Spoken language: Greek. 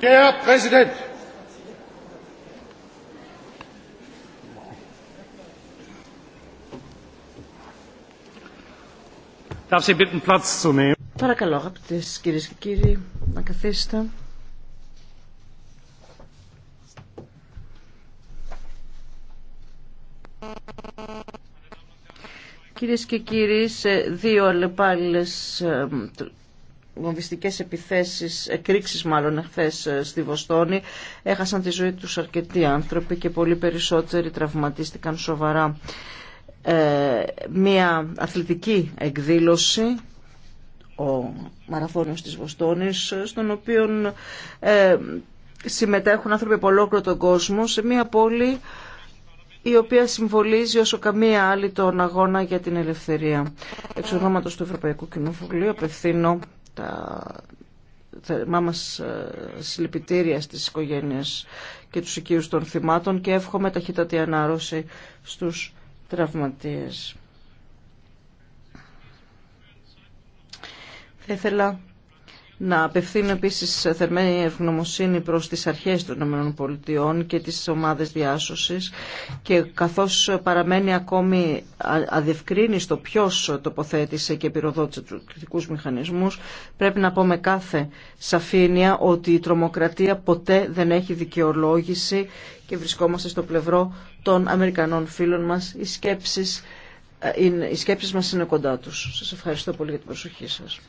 Herr Präsident! Darf Sie bitten, Platz zu nehmen? Παρακαλώ, αγαπητέ κυρίε και κύριοι, να καθίσετε. Κυρίε και κύριοι, σε δύο αλλεπάλληλε βομβιστικές επιθέσεις, εκρήξεις μάλλον εχθές ε, στη Βοστόνη έχασαν τη ζωή τους αρκετοί άνθρωποι και πολύ περισσότεροι τραυματίστηκαν σοβαρά. Ε, μια αθλητική εκδήλωση ο Μαραθώνιος της Βοστόνης στον οποίο ε, συμμετέχουν άνθρωποι από ολόκληρο τον κόσμο σε μια πόλη η οποία συμβολίζει όσο καμία άλλη τον αγώνα για την ελευθερία. Εξ του Ευρωπαϊκού Κοινοβουλίου απευθύνω τα θερμά μας ε, συλληπιτήρια στις οικογένειες και τους οικείους των θυμάτων και εύχομαι ταχύτατη ανάρρωση στους τραυματίες. Θα ήθελα να απευθύνω επίση θερμένη ευγνωμοσύνη προ τι αρχέ των ΗΠΑ και τι ομάδε διάσωση και καθώ παραμένει ακόμη αδιευκρίνηστο ποιο τοποθέτησε και πυροδότησε του κριτικού μηχανισμού, πρέπει να πω με κάθε σαφήνεια ότι η τρομοκρατία ποτέ δεν έχει δικαιολόγηση και βρισκόμαστε στο πλευρό των Αμερικανών φίλων μα. Οι σκέψει ε, οι σκέψεις μας είναι κοντά τους. Σας ευχαριστώ πολύ για την προσοχή σας.